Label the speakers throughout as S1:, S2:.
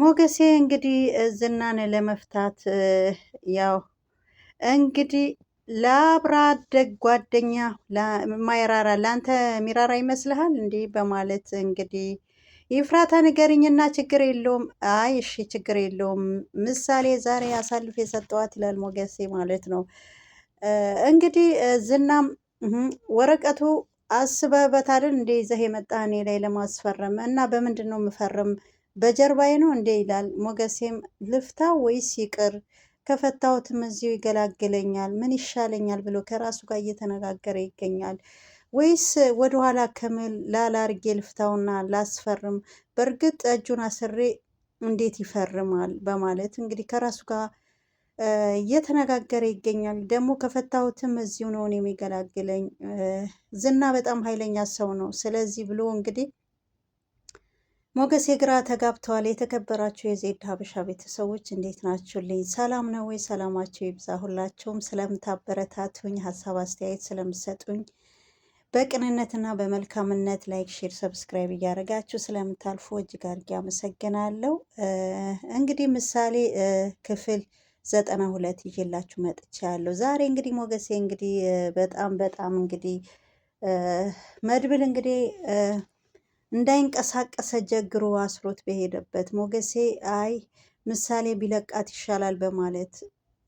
S1: ሞገሴ እንግዲህ ዝናን ለመፍታት ያው እንግዲህ ለአብራ አደግ ጓደኛ ማይራራ ለአንተ ሚራራ ይመስልሃል እንዲህ በማለት እንግዲህ ይፍራታ ንገርኝና ችግር የለውም አይ እሺ ችግር የለውም ምሳሌ ዛሬ አሳልፍ የሰጠዋት ይላል ሞገሴ ማለት ነው እንግዲህ ዝናም ወረቀቱ አስበህበታል እንደ ይዘህ የመጣህ እኔ ላይ ለማስፈረም እና በምንድን ነው የምፈርም በጀርባዬ ነው እንዴ ይላል። ሞገሴም ልፍታ ወይስ ይቅር ከፈታሁትም እዚሁ ይገላግለኛል፣ ምን ይሻለኛል ብሎ ከራሱ ጋር እየተነጋገረ ይገኛል። ወይስ ወደኋላ ከምል ላላርጌ ልፍታውና ላስፈርም፣ በእርግጥ እጁን አስሬ እንዴት ይፈርማል በማለት እንግዲህ ከራሱ ጋር እየተነጋገረ ይገኛል። ደግሞ ከፈታሁትም እዚሁ ነው የሚገላግለኝ፣ ዝና በጣም ኃይለኛ ሰው ነው። ስለዚህ ብሎ እንግዲህ ሞገስ የግራ ተጋብተዋል። የተከበራችሁ የዜድ ሀበሻ ቤተሰቦች እንዴት ናችሁልኝ? ሰላም ነው ወይ? ሰላማችሁ ይብዛ። ሁላችሁም ስለምታበረታቱኝ፣ ሀሳብ አስተያየት ስለምሰጡኝ፣ በቅንነትና በመልካምነት ላይክ፣ ሼር፣ ሰብስክራይብ እያደረጋችሁ ስለምታልፉ እጅግ አድርጌ አመሰግናለሁ። እንግዲህ ምሳሌ ክፍል ዘጠና ሁለት ይዤላችሁ መጥቻለሁ። ዛሬ እንግዲህ ሞገሴ እንግዲህ በጣም በጣም እንግዲህ መድብል እንግዲህ እንዳይንቀሳቀሰ ጀግሮ አስሮት በሄደበት ሞገሴ አይ ምሳሌ ቢለቃት ይሻላል በማለት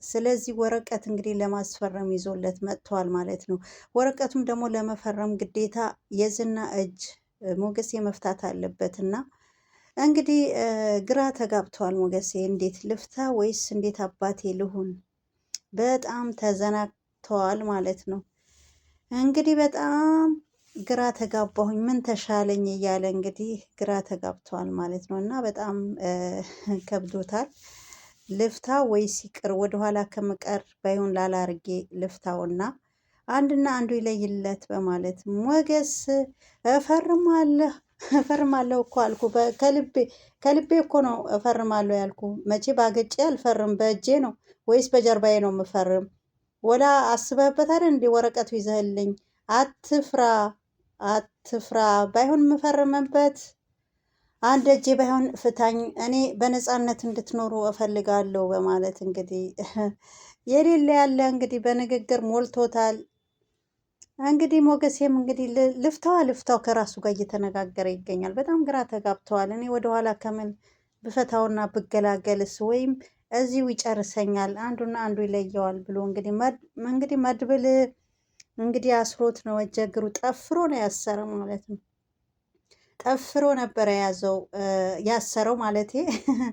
S1: ስለዚህ ወረቀት እንግዲህ ለማስፈረም ይዞለት መጥተዋል ማለት ነው። ወረቀቱም ደግሞ ለመፈረም ግዴታ የዝና እጅ ሞገሴ መፍታት አለበት እና እንግዲህ ግራ ተጋብተዋል። ሞገሴ እንዴት ልፍታ ወይስ እንዴት አባቴ ልሁን? በጣም ተዘናግተዋል ማለት ነው እንግዲህ በጣም ግራ ተጋባሁኝ ምን ተሻለኝ እያለ እንግዲህ ግራ ተጋብቷል ማለት ነው። እና በጣም ከብዶታል። ልፍታ ወይስ ይቅር፣ ወደኋላ ከምቀር ባይሆን ላላርጌ ልፍታውና አንድና አንዱ ይለይለት በማለት ሞገስ እፈርማለሁ እፈርማለሁ እኮ አልኩ። ከልቤ ከልቤ እኮ ነው እፈርማለሁ ያልኩ። መቼ ባገጬ አልፈርም። በእጄ ነው ወይስ በጀርባዬ ነው የምፈርም? ወላ አስበህበታል እንዲህ ወረቀቱ ይዘህልኝ አትፍራ አትፍራ፣ ባይሆን የምፈርምበት አንድ እጄ ባይሆን ፍታኝ፣ እኔ በነፃነት እንድትኖሩ እፈልጋለሁ በማለት እንግዲህ የሌለ ያለ እንግዲህ በንግግር ሞልቶታል። እንግዲህ ሞገሴም እንግዲህ ልፍታዋ ልፍታው ከራሱ ጋር እየተነጋገረ ይገኛል። በጣም ግራ ተጋብተዋል። እኔ ወደኋላ ከምን ብፈታውና ብገላገልስ ወይም እዚሁ ይጨርሰኛል፣ አንዱና አንዱ ይለየዋል ብሎ እንግዲህ እንግዲህ መድብል እንግዲህ አስሮት ነው እጀ እግሩ ጠፍሮ ነው ያሰረው ማለት ነው። ጠፍሮ ነበረ ያዘው ያሰረው ማለት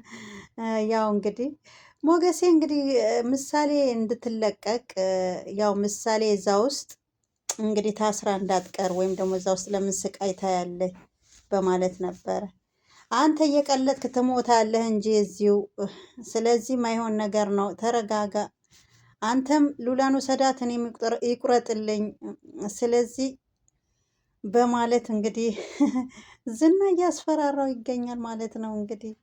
S1: ያው እንግዲህ ሞገሴ እንግዲህ ምሳሌ እንድትለቀቅ ያው ምሳሌ እዛ ውስጥ እንግዲህ ታስራ እንዳትቀር ወይም ደግሞ እዛ ውስጥ ለምን ስቃይ ታያለህ በማለት ነበረ። አንተ እየቀለድክ ትሞታለህ እንጂ እዚሁ። ስለዚህ ማይሆን ነገር ነው፣ ተረጋጋ አንተም ሉላን ውሰዳት፣ እኔም ይቁረጥልኝ። ስለዚህ በማለት እንግዲህ ዝና እያስፈራራው ይገኛል ማለት ነው። እንግዲህ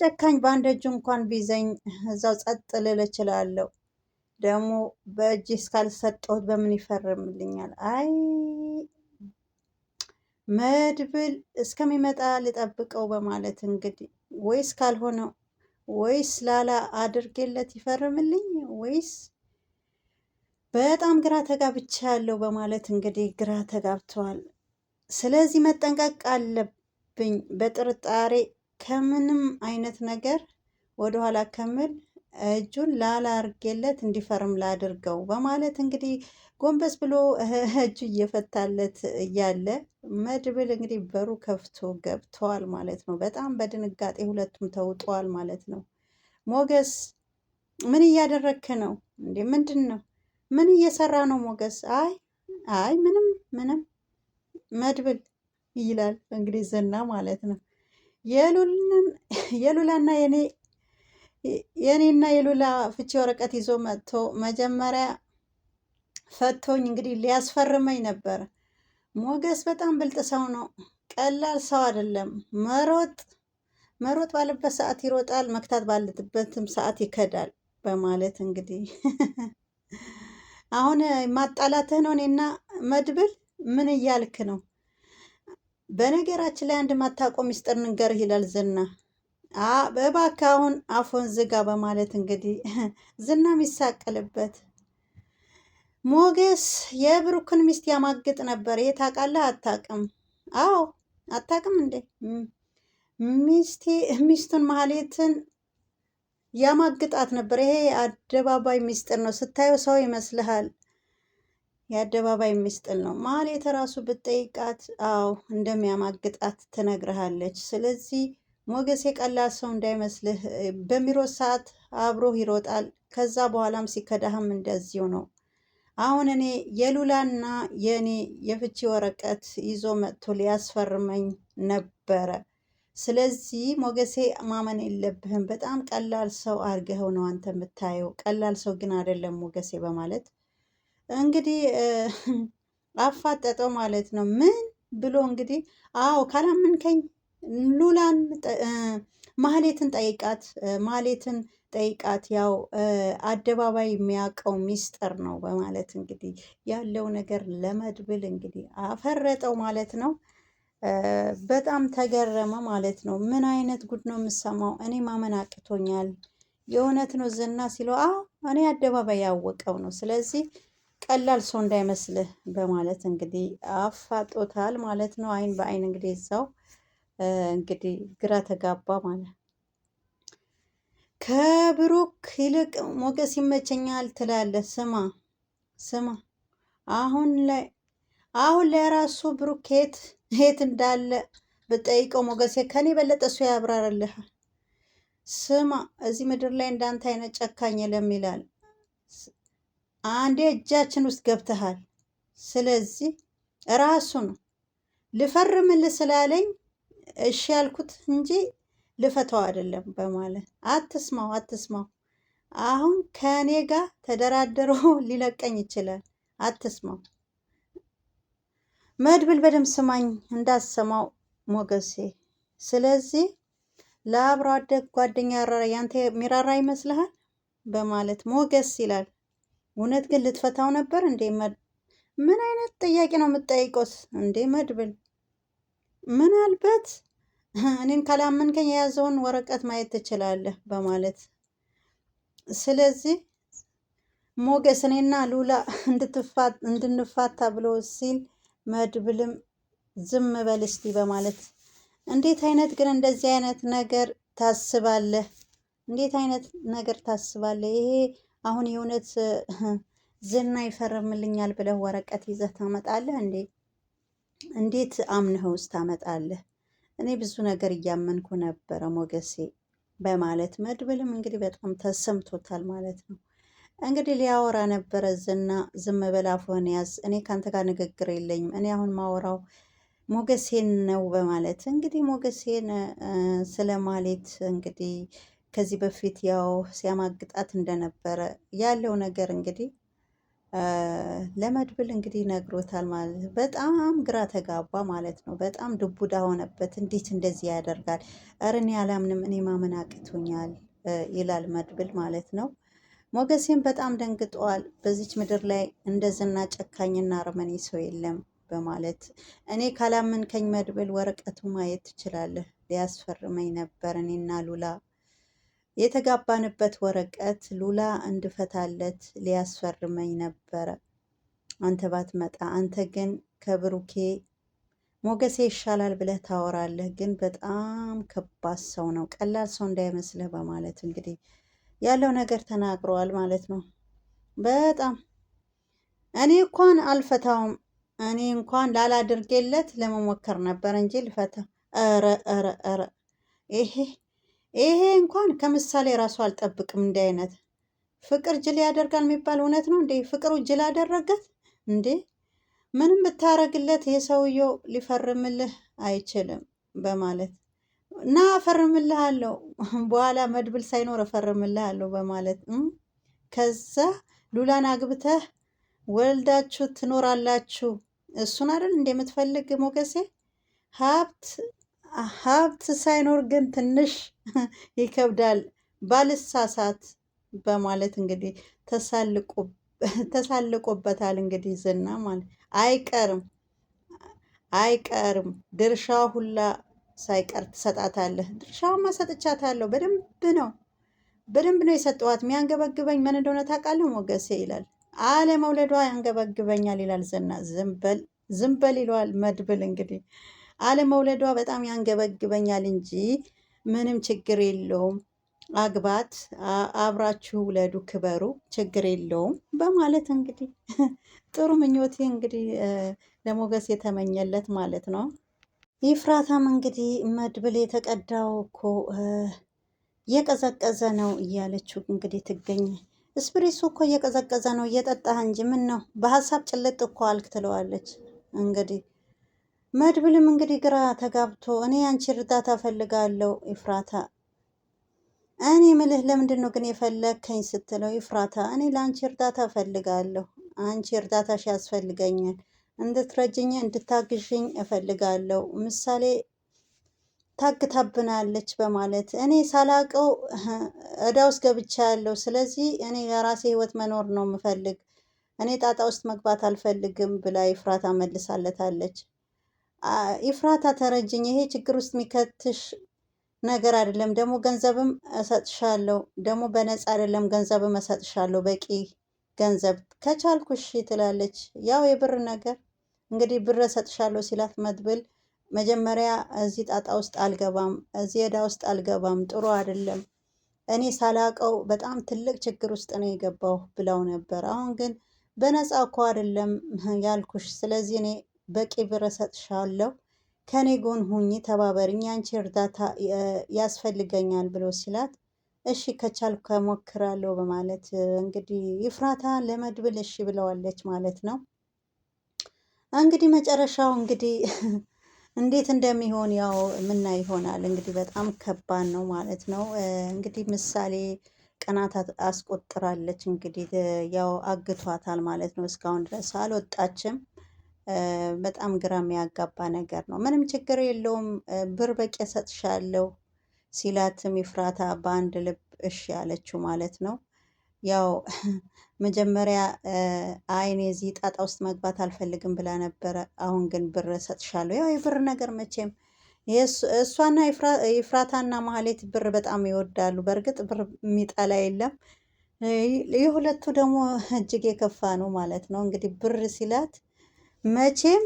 S1: ጨካኝ በአንድ እጁ እንኳን ቢዘኝ እዛው ጸጥ ልል እችላለሁ። ደግሞ በእጅ እስካልሰጠሁት በምን ይፈርምልኛል? አይ መድብል እስከሚመጣ ልጠብቀው በማለት እንግዲህ ወይስ ካልሆነው ወይስ ላላ አድርጌለት ይፈርምልኝ ወይስ በጣም ግራ ተጋብቻ ያለው በማለት እንግዲህ ግራ ተጋብተዋል። ስለዚህ መጠንቀቅ አለብኝ። በጥርጣሬ ከምንም አይነት ነገር ወደኋላ ከምል እጁን ላላ አድርጌለት እንዲፈርም ላድርገው በማለት እንግዲህ ጎንበስ ብሎ እጁ እየፈታለት እያለ መድብል እንግዲህ በሩ ከፍቶ ገብተዋል ማለት ነው። በጣም በድንጋጤ ሁለቱም ተውጠዋል ማለት ነው። ሞገስ ምን እያደረክ ነው እንዴ? ምንድን ነው? ምን እየሰራ ነው ሞገስ? አይ አይ ምንም ምንም መድብል ይላል እንግዲህ ዝና ማለት ነው። የሉላና የኔ የኔና የሉላ ፍቺ ወረቀት ይዞ መጥቶ መጀመሪያ ፈቶኝ እንግዲህ ሊያስፈርመኝ ነበረ ሞገስ በጣም ብልጥ ሰው ነው። ቀላል ሰው አይደለም። መሮጥ መሮጥ ባለበት ሰዓት ይሮጣል፣ መክታት ባለበትም ሰዓት ይከዳል በማለት እንግዲህ አሁን ማጣላትህ ነው እኔና መድብል ምን እያልክ ነው? በነገራችን ላይ አንድ ማታቆ ሚስጥር ንገርህ ይላል ዝና። እባክህ አሁን አፎን ዝጋ በማለት እንግዲህ ዝናም ይሳቀልበት ሞገስ የብሩክን ሚስት ያማግጥ ነበር። የት አውቃለህ? አታውቅም? አዎ አታውቅም እንዴ? ሚስቴ ሚስቱን ማህሌትን ያማግጣት ነበር። ይሄ የአደባባይ ሚስጥር ነው። ስታየው ሰው ይመስልሃል። የአደባባይ ሚስጥር ነው። ማህሌት ራሱ ብትጠይቃት፣ አዎ እንደሚያማግጣት ትነግርሃለች። ስለዚህ ሞገስ የቀላል ሰው እንዳይመስልህ፣ በሚሮጥ ሰዓት አብሮህ ይሮጣል። ከዛ በኋላም ሲከዳህም እንደዚሁ ነው። አሁን እኔ የሉላና የእኔ የፍቺ ወረቀት ይዞ መጥቶ ሊያስፈርመኝ ነበረ። ስለዚህ ሞገሴ ማመን የለብህም፣ በጣም ቀላል ሰው አድርገኸው ነው አንተ የምታየው። ቀላል ሰው ግን አይደለም ሞገሴ በማለት እንግዲህ አፋጠጠው ማለት ነው። ምን ብሎ እንግዲህ አዎ፣ ካላምንከኝ ሉላን ማህሌትን ጠይቃት፣ ማህሌትን ሲጠይቃት ያው አደባባይ የሚያውቀው ሚስጥር ነው በማለት እንግዲህ ያለው ነገር ለመድብል እንግዲህ አፈረጠው ማለት ነው። በጣም ተገረመ ማለት ነው። ምን አይነት ጉድ ነው የምሰማው? እኔ ማመን አቅቶኛል። የእውነት ነው ዝና ሲለው አዎ እኔ አደባባይ ያወቀው ነው። ስለዚህ ቀላል ሰው እንዳይመስልህ በማለት እንግዲህ አፋጦታል ማለት ነው። አይን በአይን እንግዲህ እዛው እንግዲህ ግራ ተጋባ ማለት ከብሩክ ይልቅ ሞገስ ይመቸኛል ትላለህ። ስማ ስማ አሁን ላይ አሁን ላይ ራሱ ብሩክ የት የት እንዳለ ብጠይቀው ሞገሴ ከኔ የበለጠ እሱ ያብራራልሃል። ስማ እዚህ ምድር ላይ እንዳንተ አይነት ጨካኝ የለም ይላል። አንዴ እጃችን ውስጥ ገብተሃል። ስለዚህ ራሱ ነው ልፈርምልህ ስላለኝ እሺ ያልኩት እንጂ ልፈተው አይደለም በማለት አትስማው አትስማው አሁን ከእኔ ጋር ተደራደሮ ሊለቀኝ ይችላል። አትስማው መድብል በደም ስማኝ፣ እንዳሰማው ሞገሴ። ስለዚህ ለአብሮ አደግ ጓደኛ ራራ ያንተ የሚራራ ይመስልሃል? በማለት ሞገስ ይላል። እውነት ግን ልትፈታው ነበር እንዴ? ምን አይነት ጥያቄ ነው የምትጠይቆት እንዴ መድብል? ምናልበት እኔን ካላመንከኝ የያዘውን ወረቀት ማየት ትችላለህ በማለት ስለዚህ ሞገስ እኔና ሉላ እንድንፋታ ብሎ ሲል መድብልም ዝም በል እስቲ በማለት እንዴት አይነት ግን እንደዚህ አይነት ነገር ታስባለህ? እንዴት አይነት ነገር ታስባለህ? ይሄ አሁን የእውነት ዝና ይፈርምልኛል ብለህ ወረቀት ይዘህ ታመጣለህ እንዴ? እንዴት አምነህ ውስጥ ታመጣለህ? እኔ ብዙ ነገር እያመንኩ ነበረ ሞገሴ በማለት መድብልም እንግዲህ በጣም ተሰምቶታል ማለት ነው። እንግዲህ ሊያወራ ነበረ ዝና ዝም በል አፍህን ያዝ፣ እኔ ከአንተ ጋር ንግግር የለኝም፣ እኔ አሁን ማወራው ሞገሴን ነው በማለት እንግዲህ ሞገሴን ስለ ማሌት እንግዲህ ከዚህ በፊት ያው ሲያማግጣት እንደነበረ ያለው ነገር እንግዲህ ለመድብል እንግዲህ ነግሮታል ማለት ነው። በጣም ግራ ተጋባ ማለት ነው። በጣም ድቡዳ ሆነበት። እንዴት እንደዚህ ያደርጋል? እረ እኔ አላምንም፣ እኔ ማመን አቅቶኛል ይላል መድብል ማለት ነው። ሞገሴም በጣም ደንግጠዋል። በዚች ምድር ላይ እንደዝና ጨካኝና አረመኔ ሰው የለም በማለት እኔ ከኝ መድብል ወረቀቱ ማየት ትችላለህ፣ ሊያስፈርመኝ ነበር እኔና ሉላ የተጋባንበት ወረቀት ሉላ እንድፈታለት ሊያስፈርመኝ ነበረ። አንተ ባትመጣ፣ አንተ ግን ከብሩኬ ሞገሴ ይሻላል ብለህ ታወራለህ፣ ግን በጣም ከባድ ሰው ነው፣ ቀላል ሰው እንዳይመስልህ በማለት እንግዲህ ያለው ነገር ተናግረዋል ማለት ነው። በጣም እኔ እንኳን አልፈታውም። እኔ እንኳን ላላድርጌለት ለመሞከር ነበር እንጂ ልፈታ ኧረ ኧረ ኧረ ይሄ ይሄ እንኳን ከምሳሌ ራሱ አልጠብቅም። እንዲህ አይነት ፍቅር ጅል ያደርጋል የሚባል እውነት ነው እንዴ? ፍቅሩ ጅል አደረገት እንዴ? ምንም ብታረግለት የሰውየው ሊፈርምልህ አይችልም በማለት እና ፈርምልህ አለው በኋላ መድብል ሳይኖር እፈርምልህ አለው በማለት ከዛ ሉላን አግብተህ ወልዳችሁ ትኖራላችሁ። እሱን አይደል እንደምትፈልግ ሞገሴ ሀብት ሀብት ሳይኖር ግን ትንሽ ይከብዳል ባልሳሳት በማለት እንግዲህ ተሳልቆበታል። እንግዲህ ዝና ማለት አይቀርም አይቀርም ድርሻ ሁላ ሳይቀር ትሰጣታለህ። ድርሻውማ ሰጥቻታለሁ። በደንብ ነው በደንብ ነው የሰጠዋት። የሚያንገበግበኝ ምን እንደሆነ ታውቃለህ ሞገሴ ይላል። አለመውለዷ ያንገበግበኛል ይላል ዝና። ዝም በል ይለዋል መድብል እንግዲህ አለመውለዷ በጣም ያንገበግበኛል እንጂ ምንም ችግር የለውም፣ አግባት፣ አብራችሁ ውለዱ፣ ክበሩ፣ ችግር የለውም በማለት እንግዲህ ጥሩ ምኞቴ እንግዲህ ለሞገስ የተመኘለት ማለት ነው። ይፍራታም እንግዲህ መድብል የተቀዳው እኮ እየቀዘቀዘ ነው እያለችው እንግዲህ ትገኝ ስፕሪሱ እኮ እየቀዘቀዘ ነው እየጠጣህ እንጂ ምን ነው በሀሳብ ጭልጥ እኮ አልክ ትለዋለች እንግዲህ መድብልም እንግዲህ ግራ ተጋብቶ እኔ አንቺ እርዳታ እፈልጋለሁ ይፍራታ እኔ ምልህ ለምንድን ነው ግን የፈለግከኝ ስትለው፣ ይፍራታ እኔ ለአንቺ እርዳታ እፈልጋለሁ፣ አንቺ እርዳታሽ ያስፈልገኛል፣ እንድትረጅኝ እንድታግዥኝ እፈልጋለሁ። ምሳሌ ታግታብናለች በማለት እኔ ሳላቀው እዳ ውስጥ ያለው ስለዚህ እኔ የራሴ ህይወት መኖር ነው የምፈልግ፣ እኔ ጣጣ ውስጥ መግባት አልፈልግም ብላ ይፍራታ መልሳለታለች። ኢፍራታ ተረጅኝ፣ ይሄ ችግር ውስጥ የሚከትሽ ነገር አይደለም። ደግሞ ገንዘብም እሰጥሻለሁ፣ ደግሞ በነፃ አይደለም ገንዘብም እሰጥሻለሁ፣ በቂ ገንዘብ ከቻልኩሽ ትላለች። ያው የብር ነገር እንግዲህ ብር እሰጥሻለሁ ሲላት መድብል መጀመሪያ እዚህ ጣጣ ውስጥ አልገባም፣ እዚህ ዕዳ ውስጥ አልገባም፣ ጥሩ አይደለም፣ እኔ ሳላቀው በጣም ትልቅ ችግር ውስጥ ነው የገባሁ ብለው ነበር። አሁን ግን በነፃ እኮ አይደለም ያልኩሽ፣ ስለዚህ እኔ በቂ ብር እሰጥሻለሁ ከኔ ጎን ሁኚ ተባበርኝ ያንቺ እርዳታ ያስፈልገኛል ብሎ ሲላት እሺ ከቻል ከሞክራለሁ በማለት እንግዲህ ይፍራታ ለመድብል እሺ ብለዋለች ማለት ነው። እንግዲህ መጨረሻው እንግዲህ እንዴት እንደሚሆን ያው ምና ይሆናል። እንግዲህ በጣም ከባድ ነው ማለት ነው። እንግዲህ ምሳሌ ቀናት አስቆጥራለች። እንግዲህ ያው አግቷታል ማለት ነው። እስካሁን ድረስ አልወጣችም። በጣም ግራ የሚያጋባ ነገር ነው። ምንም ችግር የለውም ብር በቂ እሰጥሻለሁ ሲላትም ይፍራታ በአንድ ልብ እሺ ያለችው ማለት ነው። ያው መጀመሪያ አይኔ እዚህ ጣጣ ውስጥ መግባት አልፈልግም ብላ ነበረ። አሁን ግን ብር ሰጥሻለሁ። ያው የብር ነገር መቼም እሷና ኤፍራታና ማህሌት ብር በጣም ይወዳሉ። በእርግጥ ብር የሚጠላ የለም። የሁለቱ ደግሞ እጅግ የከፋ ነው ማለት ነው። እንግዲህ ብር ሲላት መቼም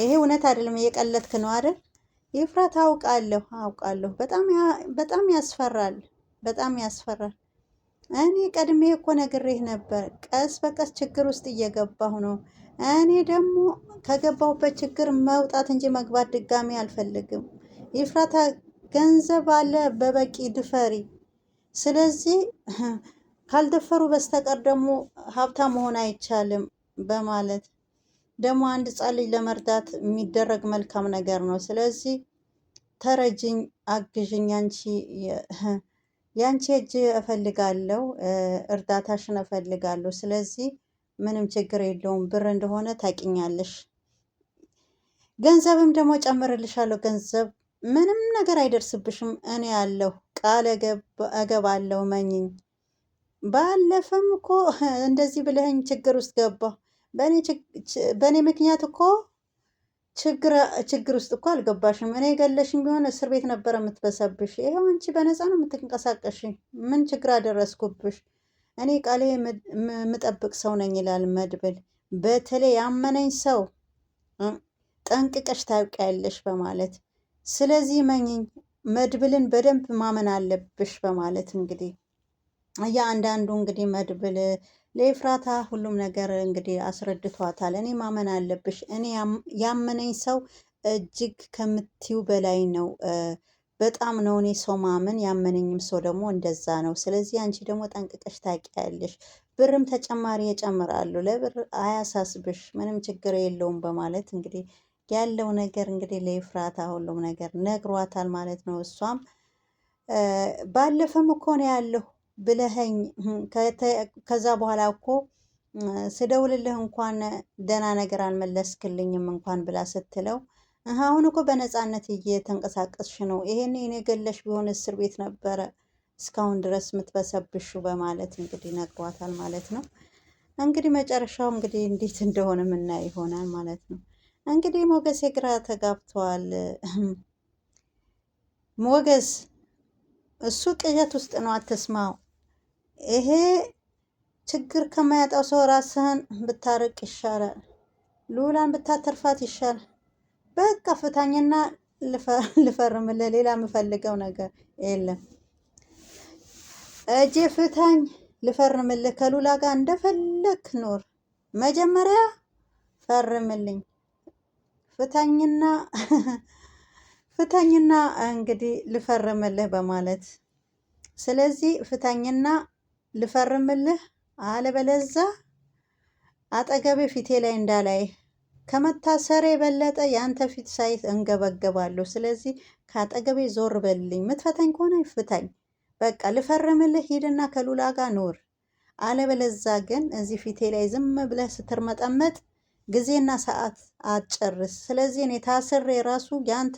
S1: ይሄ እውነት አይደለም። እየቀለድክ ነው አይደል? ይፍራት አውቃለሁ አውቃለሁ። በጣም በጣም ያስፈራል፣ በጣም ያስፈራል። እኔ ቀድሜ እኮ ነግሬህ ነበር። ቀስ በቀስ ችግር ውስጥ እየገባሁ ነው። እኔ ደግሞ ከገባሁበት ችግር መውጣት እንጂ መግባት ድጋሚ አልፈልግም። ይፍራታ ገንዘብ አለ በበቂ ድፈሪ። ስለዚህ ካልደፈሩ በስተቀር ደግሞ ሀብታም መሆን አይቻልም በማለት ደግሞ አንድ ሕፃን ልጅ ለመርዳት የሚደረግ መልካም ነገር ነው። ስለዚህ ተረጅኝ፣ አግዥኝ፣ ያንቺ ያንቺ እጅ እፈልጋለሁ፣ እርዳታሽን እፈልጋለሁ። ስለዚህ ምንም ችግር የለውም፣ ብር እንደሆነ ታቂኛለሽ፣ ገንዘብም ደግሞ ጨምርልሻለሁ። ገንዘብ ምንም ነገር አይደርስብሽም፣ እኔ ያለሁ ቃል እገባለሁ፣ መኝኝ። ባለፈም እኮ እንደዚህ ብለኸኝ ችግር ውስጥ ገባ በእኔ ምክንያት እኮ ችግር ውስጥ እኮ አልገባሽም። እኔ የገለሽኝ ቢሆን እስር ቤት ነበረ የምትበሰብሽ። ይኸው አንቺ በነፃ ነው የምትንቀሳቀሽ። ምን ችግር አደረስኩብሽ? እኔ ቃሌ የምጠብቅ ሰው ነኝ ይላል መድብል። በተለይ ያመነኝ ሰው ጠንቅቀሽ ታውቂያለሽ በማለት ስለዚህ መኝኝ መድብልን በደንብ ማመን አለብሽ በማለት እንግዲህ እያንዳንዱ እንግዲህ መድብል ለኤፍራታ ሁሉም ነገር እንግዲህ አስረድቷታል። እኔ ማመን አለብሽ፣ እኔ ያመነኝ ሰው እጅግ ከምትዩ በላይ ነው። በጣም ነው እኔ ሰው ማመን ያመነኝም ሰው ደግሞ እንደዛ ነው። ስለዚህ አንቺ ደግሞ ጠንቅቀሽ ታውቂያለሽ። ብርም ተጨማሪ ይጨምራሉ፣ ለብር አያሳስብሽ፣ ምንም ችግር የለውም በማለት እንግዲህ ያለው ነገር እንግዲህ ለኤፍራታ ሁሉም ነገር ነግሯታል ማለት ነው። እሷም ባለፈም እኮ ነው ያለሁ ብለኸኝ ከዛ በኋላ እኮ ስደውልልህ እንኳን ደህና ነገር አልመለስክልኝም እንኳን ብላ ስትለው አሁን እኮ በነፃነት እየተንቀሳቀስሽ ነው፣ ይሄን እኔ ገለሽ ቢሆን እስር ቤት ነበረ እስካሁን ድረስ የምትበሰብሹ በማለት እንግዲህ ነግሯታል ማለት ነው። እንግዲህ መጨረሻው እንግዲህ እንዴት እንደሆነ ምና ይሆናል ማለት ነው። እንግዲህ ሞገስ የግራ ተጋብቷል። ሞገስ እሱ ቅዠት ውስጥ ነው፣ አትስማው ይሄ ችግር ከማያጣው ሰው ራስህን ብታርቅ ይሻላል። ሉላን ብታተርፋት ይሻላል። በቃ ፍታኝና ልፈርምልህ። ሌላ የምፈልገው ነገር የለም። እጄ ፍታኝ ልፈርምልህ። ከሉላ ጋር እንደፈለክ ኖር መጀመሪያ ፈርምልኝ፣ ፍታኝና ፍታኝና እንግዲህ ልፈርምልህ በማለት ስለዚህ ፍታኝና ልፈርምልህ፣ አለበለዛ አጠገቤ ፊቴ ላይ እንዳላይ ከመታሰር የበለጠ የአንተ ፊት ሳይት እንገበገባለሁ። ስለዚህ ከአጠገቤ ዞር በልልኝ። ምትፈተኝ ከሆነ ፍታኝ። በቃ ልፈርምልህ፣ ሂድና ከሉላ ጋር ኑር። አለበለዛ ግን እዚህ ፊቴ ላይ ዝም ብለህ ስትርመጠመጥ ጊዜና ሰዓት አትጨርስ። ስለዚህ እኔ ታስሬ ራሱ የአንተ